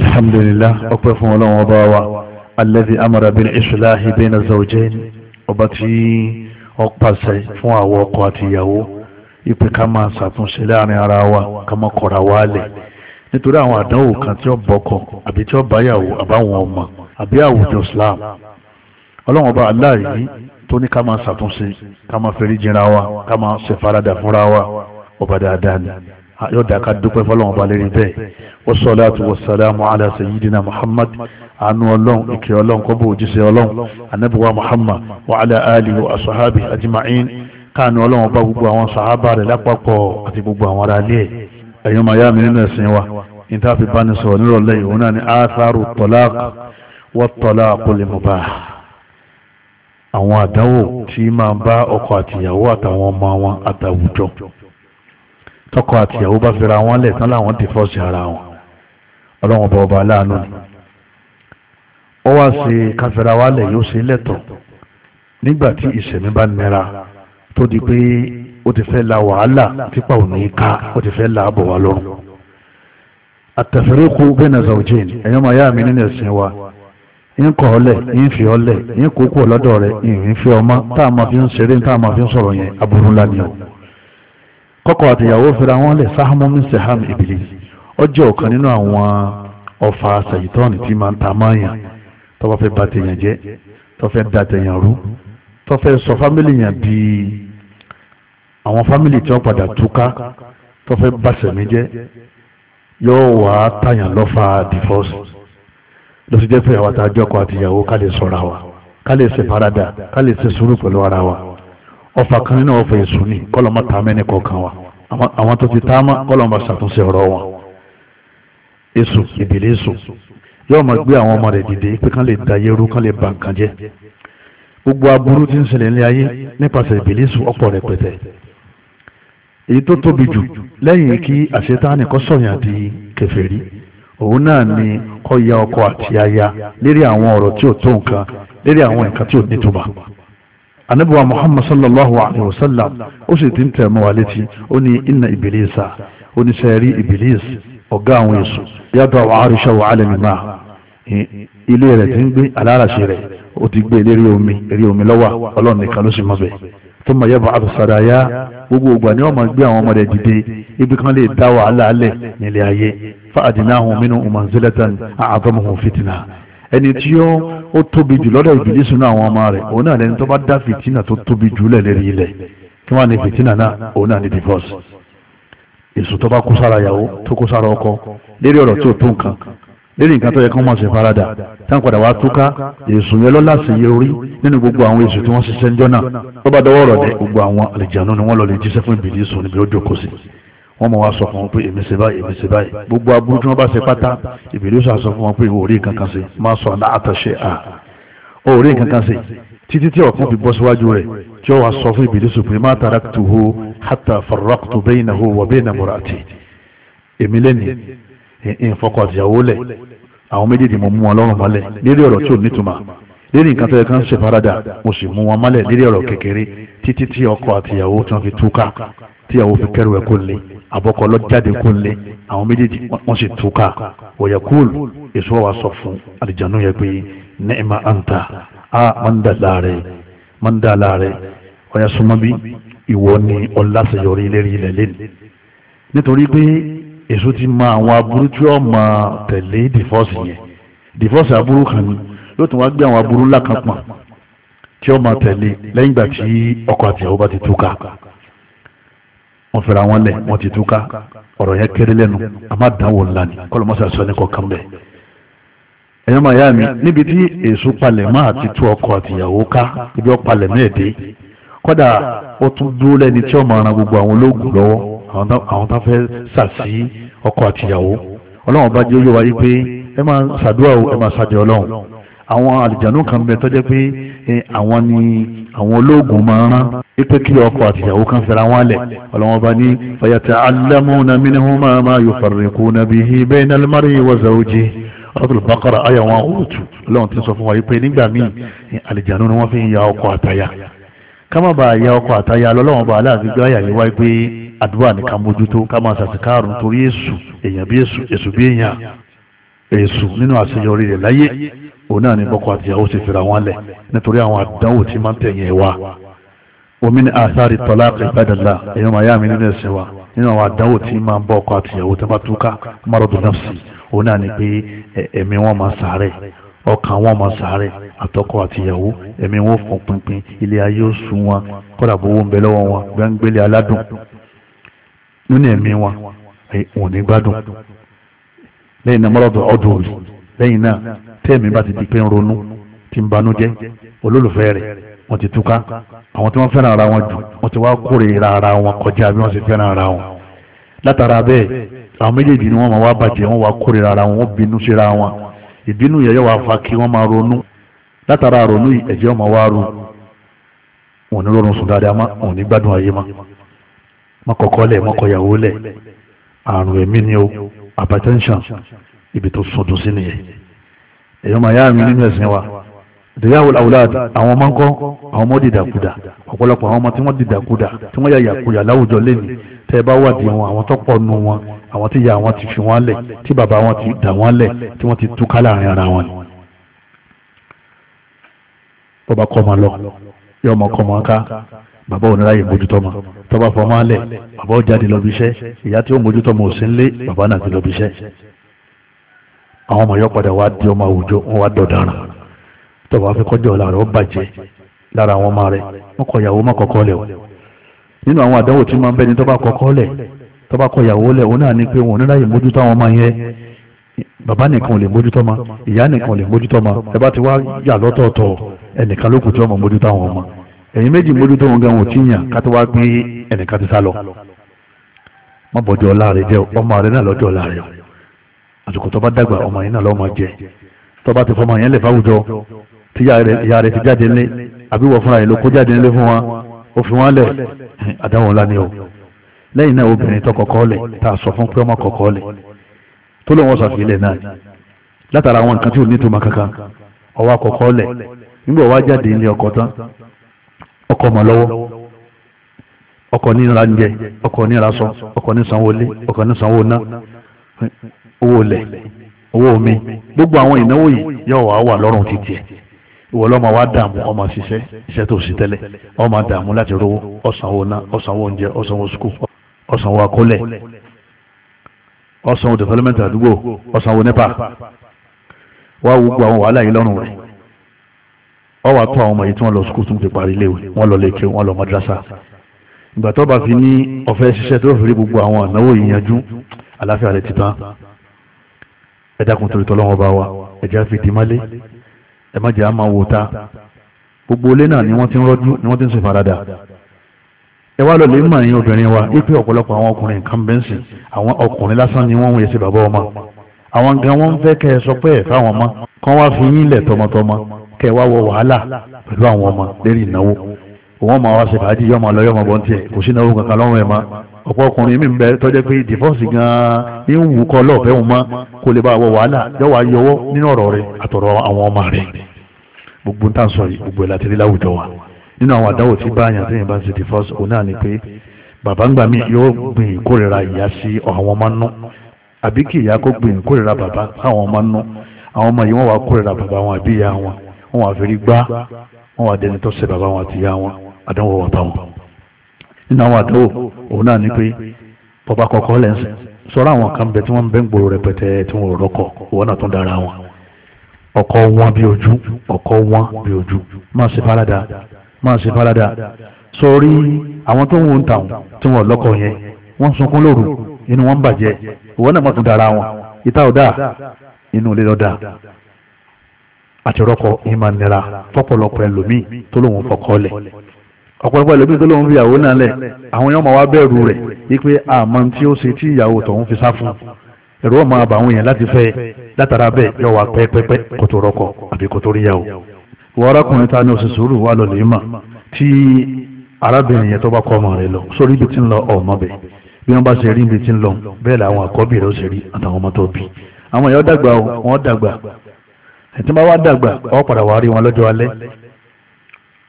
alhamdulillah ọpẹ́ fún ọlọ́run ọba wa alladhi amara bil islahi bayna zawjayn ọba tí ó pàṣẹ fún àwọn ọkọ àti ìyàwó ìpè ká máa ṣàtúnṣe láàrin ara wa ká má kọ̀ra wa lẹ̀ nítorí àwọn àdánwò kan tí ó bọ́kọ̀ àbí tí ó báyàwó àbáwọn ọmọ àbí àwùjọ islam ọlọ́run ọba aláàyí tó ní ká máa ṣàtúnṣe ká máa fẹ́rí jìnra wa ká máa ṣèfaradà fúnra wa ọba dáadáa ni yóò dá ká dúpẹ́ fọlọ́run ọba lérí bẹ́ẹ̀ wasalaatu wasalaamu ala sayyidina muhammad anu ọlọ́run ìkẹ́ ọlọ́run kọ́bù òjíṣẹ́ ọlọ́run anabiwa muhammad wa ala alihi wa asahabi ajma'in káànù ọlọ́run bá gbogbo àwọn sàhábà rẹ̀ lápapọ̀ àti gbogbo àwọn ará ilé ẹ̀ ẹ̀yọ́ màá mi nínú ẹ̀sìn wa ní fi bá ní sọ̀rọ̀ nírọ̀lẹ́ ìhun náà ni aatharu talaq àwọn àdánwò tí máa ń bá ọkọ àtìyàwó àtàwọn ọmọ wọn àtàwùjọ tọkọ àti ìyàwó bá fira wọn lẹ̀ tán láwọn ti fọ́ọ̀sì ara wọn ọlọ́run bá ọba aláàánú ni ó wá sí káfíra wa lẹ̀ yóò ṣe lẹ́tọ̀ nígbà tí ìṣẹ̀mí bá nira tó di pé ó ti fẹ́ la wàhálà tipa òní ká ó ti fẹ́ la àbọ̀ wa lọ́rùn àtẹ̀fẹ́rẹ́kù bẹ́ẹ̀ na zawjin máa yá mi nínú ẹ̀sìn wa yín kọ́ ọ lẹ̀ yín fi ọ lẹ̀ yín kókó ọ̀lọ́dọ̀ rẹ̀ yín fi ọmọ tá a máa fi ń ṣeré tá máa fi ń sọ̀rọ̀ yẹn aburú ńlá ni o kọ́kọ́ àtìyàwó fira wọn lẹ̀ sáhámọ́ min saham iblis ó jẹ́ ọ̀kan nínú àwọn ọfà ṣàyítọ́ọ̀nì tí máa ń ta máyà tó bá fẹ́ bà tèèyàn jẹ́ tó fẹ́ da tèèyàn rú tó fẹ́ sọ fámìlì yẹn di àwọn fámìlì tí wọ́n padà túká tó fẹ́ bà sẹ̀mí jẹ́ yóò wá tàyàn lọ́fà divorce ló àwọn àtàjọkọ̀ àtìyàwó ká lè wa ká lè faradà ká lè sùúrù pẹ̀lú ara wa ọfà kan nínú ọfà èso ni kọlọmọ tá a mẹ́ni kọ̀ọ̀kan wa àwọn tó ti tá a mọ́ kọlọmọ ṣàtúnṣe ọ̀rọ̀ wọn èso ìbílẹ̀ èso yóò máa gbé àwọn ọmọ rẹ̀ dìde pé kán lè da yẹ́rú kán lè ba nǹkan jẹ́ gbogbo aburú tí ń ṣẹlẹ̀ ní ayé nípasẹ̀ ìbílẹ̀ èso ọ̀pọ̀ rẹpẹtẹ èyí tó tóbi jù lẹ́yìn kí àṣetánì kọ́ sọ̀yàn di kèfèrí òun náà ni kọ́ ya ọkọ àti aya lérí àwọn ọ̀rọ̀ tí ò tó nǹkan lérí àwọn nǹkan tí ò nítumọ̀ anabiwa muhammad sallallahu alayhi wa sallam ó sì ti ń tẹ̀ mọ́ wa létí ó ní inna ibilisa ó ní sẹ́ẹ̀rí ibilis ọ̀gá àwọn èso yàtọ̀ àwọn arìṣà wà alẹ́mi máa ilé rẹ̀ ti ń gbé aláràṣẹ rẹ̀ ó ti gbé lérí omi lérí omi lọ́wọ́ ọlọ́run nìkan ló sì mọ̀ bẹ́ẹ̀ tó mọ̀ yẹ́ bá gbogbo ògbà ni wọ́n máa gbé àwọn ọmọdé dìde ibi kan lè dá wàhálà alẹ̀ nílé ayé fa àdínáhùn mínú manzilatan a'zamuhum fitna ẹni tí ó tóbi jù lọ́dọ̀ ìbílísù náà àwọn ọmọ rẹ̀ òun náà lẹni tó bá dá fìtínà tó tóbi jù lẹ̀ lérí ilẹ̀ kí wọ́n ní fìtínà náà òun náà ní divorce èso tó bá kó sára ìyàwó tó kó sára ọkọ lérí ọ̀rọ̀ tó tó nǹkan lérí nǹkan tó yẹ kí wọ́n máa ṣe farada táwọn padà wá túká èso yẹn lọ́la sì yẹ orí nínú gbogbo àwọn èso tí wọ́n ṣiṣẹ́ ńjọ́ náà tó bá dọwọ́ ọ̀rọ̀ dẹ gbogbo àwọn àlejànú ni wọ́n lọ lè jíṣẹ́ fún ìbílísù níbi ó jókòó sí wọ́n mọ̀ wá sọ fún wọn pé èmi ṣe báyìí èmi ṣe báyìí gbogbo aburú tí wọ́n bá ṣe pátá ìbílẹ̀ sọ àṣọ fún wọn pé ìwọ orí kankan ṣe má sọ àná àtàṣe à orí kankan ṣe títí tí ọ̀kan fi bọ́ síwájú rẹ̀ tí ó wàá sọ fún ìbílẹ̀ sọ pé má taraktuhu hatta farraqtu baynahu wa bayna murati èmi lẹ́ni ìfọkọ̀ lẹ̀ àwọn méjèèjì mo mú wọn lọ́rùn mọ́lẹ̀ lérí ọ̀rọ̀ tí ò nítumọ̀ lérí nǹkan tó yẹ kán ṣèfaradà mo sì mú wọn mọ́lẹ̀ lérí ọ̀rọ̀ kékeré títí tí ọkọ àtìyàwó tí wọ́n fi túká tí àwọn fi kẹrù ẹ̀ kó lé àbọ̀kọ lọ́jáde kó lé àwọn méjèèjì wọ́n sì túká wọ̀yẹ̀ kúlù èso wa sọ fún àlìjánu yẹ pé nẹ́ẹ̀ma àǹtà a máa ń dà láàrẹ̀ máa ń bí ìwọ ni ọ̀làṣeyọrí lérí ilẹ̀ lẹ́nu nítorí pé èso ti ma àwọn aburú tí wọ́n máa tẹ̀lé dìfọ́ọ̀sì yẹn dìfọ́ọ̀sì aburú kan ni ló tún wá gbé àwọn aburú ńlá kan pọ̀ tí wọ́n máa tẹ̀lé lẹ́yìn ìgbà tí ọkọ àtìyàwó bá ti túká wọ́n fẹ́ra wọn lẹ̀ wọ́n ti túká ọ̀rọ̀ yẹn kéré lẹ́nu àmọ́ àdánwò ńlá ni kọ́lọ́mọ́sá sọ ní kọ̀ọ̀kan bẹ́ẹ̀. ẹ̀yọ́ màá yá mi níbi tí èso palẹ̀ mọ́ àti tú ọkọ àtìyàwó ká ibi ọ palẹ̀ náà dé kódà ó tún dúró lẹ́ni tí ọmọ ara gbogbo àwọn ológun lọ́wọ́ àwọn tá fẹ́ sàsí ọkọ àtìyàwó ọlọ́run bá jẹ́ yóò wáyé pé ẹ máa ṣàdúrà ẹ máa ṣàdé ọlọ́run àwọn àlìjànú kan bẹ tọ́jẹ́ pé àwọn ni àwọn olóògùn máa ń rán wípé kí ọkọ àtìyàwó kan fẹ́ra wọn lẹ̀ ọlọ́wọ́n bá ní fayata'allamuna minhuma ma yufarriquna bihi bayna al-mar'i wa zawjihi Suratul Baqara àyà oh wọn òòtù ọlọ́run ti sọ fún wa wípé nígbà míì àlìjànú ni wọ́n fi ń ya ọkọ àtàyà ká má ya ọkọ àtàyà lọ́lọ́wọ́n bá aláàfin gbé àyà yìí wáyé pé àdúrà nìkan mójútó ká máa ṣàtìkáàrùn torí èṣù èèyàn bí èṣù èṣù bí èèyàn èṣù nínú àṣeyọrí rẹ̀ láyé òun náà ni bọ́kọ àtìyàwó sì fira wọn lẹ̀ nítorí àwọn àdánwò tí máa ń tẹ̀yìn wa omi ní àsáàrí tọ́lá ìbádàlá èèyàn máa yá mi nínú ẹ̀sìn wa nínú àwọn àdánwò tí máa ń bọ́ ọkọ àtìyàwó tó bá túká márùndún nafsi òun náà ni pé ẹ̀mí wọn máa sàárẹ̀ ọkàn wọn máa sàárẹ̀ àtọkọ àtìyàwó ẹ̀mí wọn fún pinpin ilé ayé ó sùn wọn kọ́dà bówó ń bẹ lọ́wọ́ wọn gbẹ́ngbẹ́lẹ́ aládùn nínú ẹ̀mí wọn òun ní gbádùn lẹ́yìn náà mọ́rọ̀dọ̀ ọdún òòlù lẹ́yìn náà tẹ́ẹ̀mí bá ti di pé ń ronú ti ń banújẹ́ olólùfẹ́ rẹ̀ wọ́n ti túká àwọn tí wọ́n fẹ́ràn ara wọn jù wọ́n ti wá kórìíra ara wọn kọjá bí wọ́n ṣe fẹ́ràn ara wọn látara bẹ́ẹ̀ àwọn méjèèjì ni wọ́n máa wá bàjẹ́ wọ́n wá kórìíra ara wọn wọ́n bínú síra wọn ìbínú yẹ̀yẹ́ wàá fa kí wọ́n máa ronú látara ronú ẹ̀jẹ̀ ọmọ wa ru wọn ní lọ́rùn sùn dáadáa wọn ní gbádùn ayé ma mọ́kọ̀ọ́kọ́ lẹ̀ mọ́kọ̀ọ́yàwó lẹ̀ àrùn ẹ̀mí ni o hypertension ibi tó sọdún sí nìyẹn èyàn máa yá mi nínú ẹ̀sìn wa ìdíyàwó àwòláàd àwọn ọmọ ńkọ́ àwọn ọmọ dìdàkudà ọ̀pọ̀lọpọ̀ àwọn ọmọ tí wọ́n dìdàkudà tí wọ́n yàyà kuyà láwùjọ lẹ́nu tẹ́ ẹ bá wà di wọn àwọn tó pọ̀ nù wọn àwọn tí ìyá wọn ti fi wọn lẹ̀ tí bàbá wọn ti dà wọn lẹ̀ tí wọ́n ti túká láàrin ara wọn ni. bọ́ba kọ́ ma lọ yọ ọmọ kọ́ ma ká bàbá òun ráyè mójútó ma tọ́ba fọ́ máa lẹ̀ bàbá ó jáde lọ bí iṣẹ́ ìyá tí ó àwọn ọmọ yọ padà wá di ọmọ àwùjọ wọn wá dọ̀daràn tọba fi kọjọ ọ̀la rẹ̀ ó bàjẹ́ lára àwọn ọmọ rẹ̀ wọn kọ ìyàwó má kọ́kọ́ lẹ̀ o nínú àwọn àdánwò tí máa ń bẹ ni tọba kọ́kọ́ lẹ̀ tọba kọ ìyàwó lẹ̀ òun náà ni pé òun níláyè mójútó àwọn ọmọ yẹn bàbá nìkan ò lè mójútó ma ìyá nìkan ò lè mójútó ma ẹ bá ti wá yà lọ́tọ̀ọ̀tọ̀ ẹnìkan ló kù tí ọmọ mójútó àwọn ọmọ ẹ̀yin méjì mójútó wọn gan wọn ò tí yàn ká tó wá pín ẹnìkan ti sá lọ má bọ̀jọ̀ ọ̀la rẹ̀ jẹ́ ọmọ rẹ̀ náà lọ́jọ́ ọ̀la rẹ̀ o àsìkò tó bá dàgbà ọmọ yẹn náà lọ́ọ́ máa jẹ tó bá ti fọmọ yẹn lè fáwùjọ tí ìyá rẹ̀ ti jáde nílé àbí fúnra rẹ̀ ló kó jáde nílé fún wa ó fi wọn lẹ̀ àdáwọn ńlá ni o lẹ́yìn náà obìnrin tó tá a sọ fún pé ọmọ tó lóun náà látara àwọn nǹkan tí ò ní tó máa kankan nígbà jáde ní tán sọ ní sanwó lé owó lẹ̀ owó omi gbogbo àwọn ìnáwó yìí yóò wá wà lọ́rùn títì ẹ̀ ìwọ lọ́mọ wa dààmú ọmọ ṣiṣẹ́ iṣẹ́ tó ṣe tẹ́lẹ̀ ọmọ dààmú láti rówó ọ̀sánwó ná ọ̀sánwó oúnjẹ ọ̀sánwó skul ọ̀sánwó akólẹ̀ ọ̀sánwó development àdúgbò ọ̀sánwó nepa wá gbogbo àwọn wàhálà yìí lọ́rùn rẹ̀ ọ wà tó àwọn ọmọ yìí tí wọ́n lọ skul tún ti parí léwe wọ́n lọ lẹ́kẹ́ wọ́n lọ madrasa ìgbà tó bá fi ní ọ̀fẹ́ ṣiṣẹ́ tó fi rí gbogbo àwọn ànáwó yìí yanjú àláfíà rẹ̀ ti tán ẹ dákun torí tọ́lọ́wọ́ bá wa ẹ̀já fìdí málé ẹ má jẹ́ àmà wò ta gbogbo ilé náà ni wọ́n ti ń rọ́jú ni wọ́n ti ń sùn farada ẹ wá lọ lè mọ̀ ní obìnrin wa wípé ọ̀pọ̀lọpọ̀ àwọn ọkùnrin nǹkan bẹ́ǹsì àwọn ọkùnrin lásán ni wọ́n ń yẹ sí bàbá ọmọ àwọn gan wọn fẹ́ kẹ́ ẹ sọ pé ẹ̀ fáwọn ọmọ kán wá fi yín lẹ̀ tọmọtọmọ kẹ́ ẹ wá wọ wàhálà pẹ̀lú àwọn ọmọ lérí ìnáwó òun máa wá ṣèbàájì yọmọ lọ yọmọ bọ́ntì ẹ̀ kò sí ìnáwó kankan lọ́rùn ẹ̀ máa ọ̀pọ̀ ọkùnrin mi bẹ tọ́jẹ́ pé divorce gan-an ní wù kọ́ lọ́ọ̀fẹ́ wọn mọ́ kó lè bá wọ wàhálà yọ̀wá yọwọ́ nínú ọ̀rọ̀ rẹ̀ àtọ̀rọ̀ àwọn ọmọ rẹ̀ gbogbo tá à ń sọ yìí gbogbo ẹ̀ láti rí láwùjọ wa nínú àwọn àdáwò tí báyà tí yìnbá ṣe divorce òun náà ni pé bàbá ń gbà mí yóò gbìn ìkórìíra ìyá sí àwọn ọmọ nú àbí kí ìyá kó gbìn ìkórìíra bàbá sáwọn ọmọ nú àwọn ọmọ yìí wọ́n wá kórìíra bàbá wọn àbí ìyá wọn wọ́n wá fẹ́rí gbá wọ́n wá dẹni tó ṣe bàbá wọn àti ìyá wọn àdánwò wà bá nínú àwọn àdánwò òun náà ni pé bọ́bá kọ̀ọ̀kan lẹ́sìn sọ́ra àwọn kan bẹ tí wọ́n ń bẹ́ ń gbòòrò rẹpẹtẹ tí wọ́n rọ́kọ̀ òun náà tún dára wọn ọkọ wọn bí ojú ọkọ wọn bí ojú máa ṣe fàlàdà máa ṣe fàlàdà sórí àwọn tó ń wọn tàwọn tí wọn lọ́kọ yẹn wọ́n sunkún lóru inú wọn bàjẹ́ òun náà má tún dára wọn ìta ọ̀dà inú ilé lọ́dà àti rọ́kọ̀ ìmọ̀ nira fọ́pọ̀lọpọ̀ ẹlòmíì tó lóun fọkọ́ lẹ̀ ọ̀pọ̀lọpọ̀ ẹlòmíì tó lóun fi ìyàwó náà lẹ̀ àwọn yẹn máa wá bẹ̀rù rẹ̀ wípé àmọ́ tí ó ṣe tí ìyàwó tọ̀hún fi sá fún ẹ̀rọ máa bà àwọn èèyàn láti fẹ́ látara bẹ́ẹ̀ yọ wá pẹ́pẹ́pẹ́ kó tó rọkọ àbí kó tó rí yàwó. wọ́n arákùnrin ta ni oṣù sùúrù wà lọ́lẹ̀ mà tí arábìnrin yẹn tó bá kọ́ ọmọ rẹ̀ lọ sórí ibi tí ń lọ ọmọ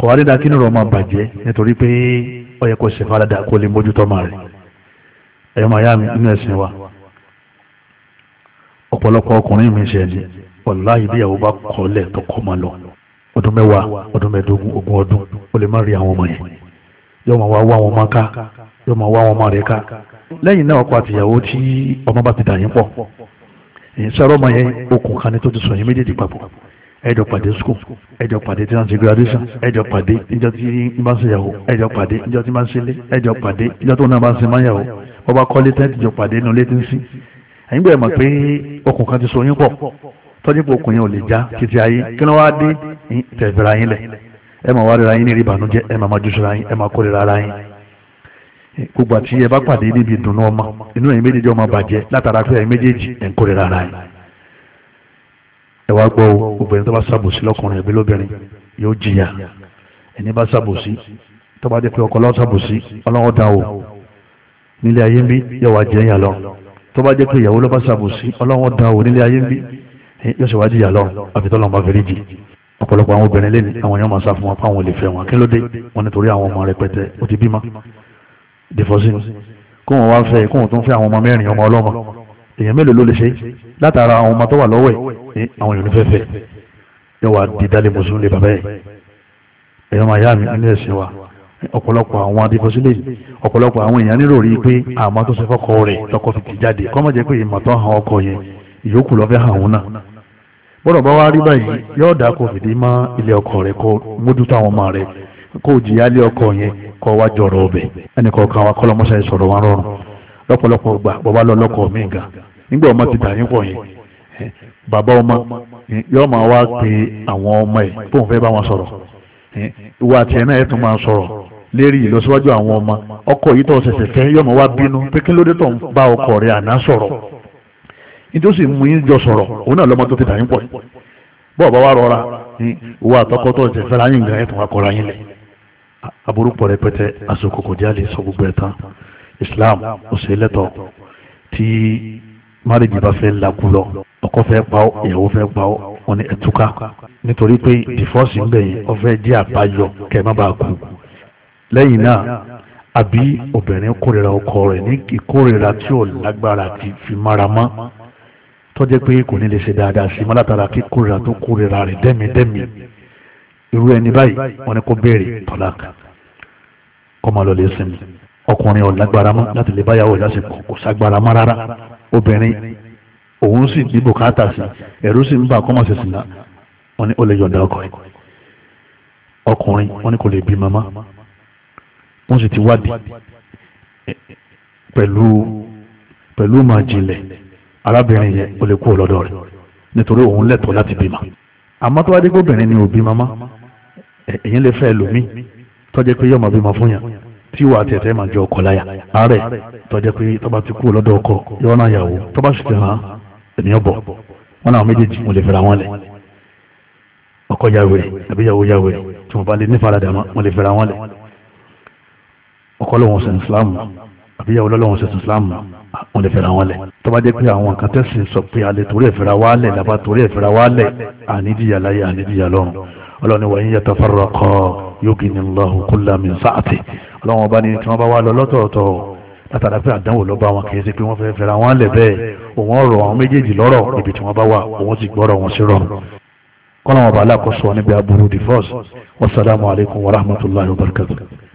kọ̀wá dídá kí nìrọ̀ máa bàjẹ́ nítorí pé ó yẹ kó ṣe farada kó lè mójútó máa rẹ̀ ẹ̀yọ́ yá mi nínú ẹ̀sìn wa ọ̀pọ̀lọpọ̀ ọkùnrin mi ṣe ni wàláhì ìbíyàwó bá kọ́lẹ̀ tó kọ́ máa lọ ọdún mẹ́wàá ọdún mẹ́ẹ̀ẹ́dógún ogún ọdún ó lè má rí àwọn ọmọ yẹn yóò máa wá wọn máa ká yóò máa wá wọn máa rẹ̀ ká lẹ́yìn náà àtìyàwó tí èyí ẹjọ pàdé school ẹjọ pàdé tí wọn ti graduation ẹjọ pàdé níjọ́ tí n bá ṣe yàwó ẹjọ pàdé níjọ́ tí n bá ṣe lé ẹjọ pàdé níjọ́ tó náà bá ṣe máa yàwó anyị bá kọ́lé tẹ́ ìjọ pàdé inú létí ń sí. ẹ̀yin bẹ̀rẹ̀ mọ̀ pé okùn kan ti so yín pọ̀ tọ́jú pé okùn yẹn ò lè já títí ayé ẹ wá gbọ́ obìnrin tó bá ṣàbòsí lọ́kùnrin ẹ̀bí lóbìnrin yóò jìyà ẹni bá ṣàbòsí tó bá dé pé ọkọ lọ́wọ́ ṣàbòsí ọlọ́wọ́ dá o nílé ayé ń bí yóò wá jẹ́ ìyà lọ tó bá dé pé ìyàwó ló bá ṣàbòsí ọlọ́wọ́ dá o nílé ayé ń bí yóò ṣe wá jìyà lọ àfi tọ́lọ́ bá fẹ́rí jì ọ̀pọ̀lọpọ̀ àwọn obìnrin lé ní àwọn yóò máa sá fún wọn fáwọn olè fẹ́ wọn kí wọn nítorí àwọn ọmọ rẹpẹtẹ ó ti bímọ dèfọ́sí kó wọn wá fẹ́ kó wọn tún fẹ́ àwọn ọmọ mẹ́rin ọmọ ọlọ́mọ èèyàn mélòó ló lè ṣe látara àwọn ọmọ tó wà lọ́wọ́ ẹ̀ àwọn èèyàn nífẹ̀ẹ́fẹ́ yóò wá di dálé mùsùlùmí lè bàbá yẹn ẹ̀yọ́ ma yá mi nílé ẹ̀sìn wa ọ̀pọ̀lọpọ̀ àwọn adébọ̀sílẹ̀ ọ̀pọ̀lọpọ̀ àwọn èèyàn nílò rí pé àmọ́ tó ṣe fọ́kọ rẹ̀ fi ti jáde kọ́mọ̀ jẹ́ pé ìmọ̀ tó hàn yẹn ìyókù lọ́fẹ́ hàn òun náà bọ́dọ̀ bá wá rí báyìí yóò dá kó fìdí bàbá ọmọ yóò máa wá pe àwọn ọmọ ẹ̀ bóun fẹ́ bá wọn sọ̀rọ̀ ìwà àti ẹ̀ náà ẹ̀ tún máa sọ̀rọ̀ lérí ìlọsíwájú àwọn ọmọ ọkọ yìí tó ṣẹ̀ṣẹ̀ fẹ́ yóò máa wá bínú pé kí ló dé tó ń bá ọkọ rẹ̀ àná sọ̀rọ̀ nítorí sì mú yín jọ sọ̀rọ̀ òun náà lọ́mọ tó ti dà yín pọ̀ bọ́ọ̀ bá wá rọra ìwà àtọkọ tó ṣẹ̀ṣẹ̀ fẹ́ra yín gan ẹ̀ tún wá kọ́ra yín lẹ̀ aburúkọ rẹpẹtẹ àsìkò kò jáde sọ gbogbo ẹ̀ tán Islam ọ̀sẹ̀ lẹ́tọ̀ tí márìjì ọkọ fẹ́ pa ọ́ ìyàwó fẹ́ pa ọ́ wọn ni ẹ̀túká nítorí pé dìfọ́ọ̀sì ń bẹ̀ yẹn ọ̀fẹ́ jẹ́ àbáyọ kẹ́ má bàa kú lẹ́yìn náà àbí obìnrin kórìíra ọkọ rẹ̀ ní ìkórìíra tí ò lágbára àti fi mára mọ́ tọ́jẹ́ pé kò ní lè ṣe dáadáa sí mọ́látara kí kórìíra tó kórìíra rẹ̀ dẹ́midẹ́mi irú ẹni báyìí wọn ni kó béèrè tọ́láka kọ́ máa lọ lè sinmi ọkùnrin ò lágbára mọ́ láti lè báyàwó ìlàsìkò kò ságbára mọ́ rárá obìnrin òun sì ní bùkátà sí ẹ̀rú sì ń bà kọ́ mọ̀sẹ̀ wọn ni ó lè yọ̀ǹda wọn ni kò lè bí mama wọn sì ti wádìí pẹ̀lú pẹ̀lú máa jinlẹ̀ arábìnrin yẹn ó lè kú ọlọ́dọ̀ rẹ̀ nítorí òun lẹ́tọ̀ọ́ láti bímọ àmọ́ tó wá dé gómìnrin ni òbí mama lè fẹ́ lómi pé bímọ fún yàn tí wàá ọkọ láyà àárẹ̀ pé tọ́ba ti kú ọlọ́dọ̀ yàwó tọ́ba sì ènìyàn bọ̀ wọn náà méjèèjì mo lè fẹ́ra wọn lẹ̀ ọkọ ya wèrè àbí ìyàwó ya wèrè tí mo bá lè nífaradà mo lè fẹ́ra wọn lẹ̀ ọkọ lọ́wọ́n sẹ̀ islam àbí ìyàwó lọ́wọ́n sẹ̀ islam mo lè fẹ́ra wọn lẹ̀ tó bá jẹ́ pé àwọn kan tẹ̀sìn sọ pé alẹ́ torí ẹ̀fẹ́ra wa lẹ̀ làbá torí ẹ̀fẹ́ra wa lẹ̀ ànídìyà láyé ànídìyà lọ́run ọlọ́ni wà ń yàtọ̀ fọ́rọ̀ kọ́ yókè ní lọ́hùn kúlà min látara pé àdánwò ló bá wọn kì í ṣe pé wọ́n fẹ́ẹ́ fẹ́ra wọn lẹ̀ bẹ́ẹ̀ òun ọ̀rọ̀ àwọn méjèèjì lọ́rọ̀ ibi tí wọ́n bá wà òun sì gbọ́rọ̀ wọn sí rọ̀ kọ́nà wọn bá alákòóso níbi aburú divorce wasalaamualeykum wa rahmatulahi wa barakatuh.